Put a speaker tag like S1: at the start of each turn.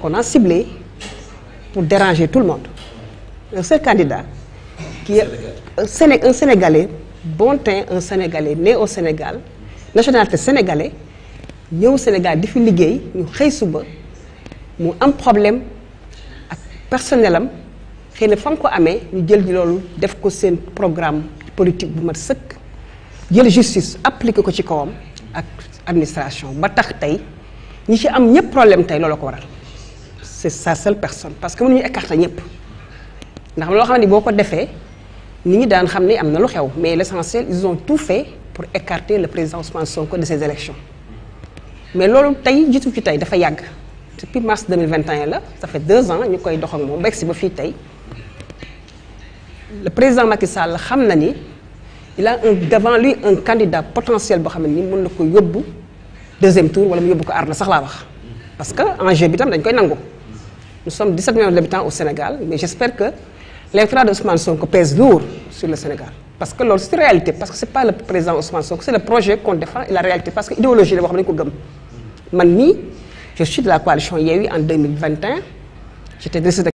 S1: qu'on a ciblé pour déranger tout le monde. Le seul candidat qui est un Sénégalais, bon teint, un Sénégalais né au Sénégal, nationalité sénégalais, au Sénégal di problème personnel programme politique bu justice applique ko ci administration ba problème c'est sa seule personne parce que nous écarter écartés. ndax avons fait beaucoup de faits. defee nit ñi daan mais l'essentiel ils ont tout fait pour écarter le président Ousmane Sonko de ces élections mais ce tey jiitu ci tey dafa depuis mars 2021 ça fait deux ans que nous avons fait des si le président Macky Sall il a un devant lui un candidat potentiel pour le deuxième tour wala mu yóbbu ko Arna. sax parce que enjeu il tam dañ koy nangu. Nous sommes 17 millions d'habitants au Sénégal, mais j'espère que l'influence d'Ousmane Sonko pèse lourd sur le Sénégal. Parce que c'est la réalité, parce que ce n'est pas le président Ousmane Sonko, c'est le projet qu'on défend et la réalité. Parce que l'idéologie, je suis de la coalition eu en 2021, j'étais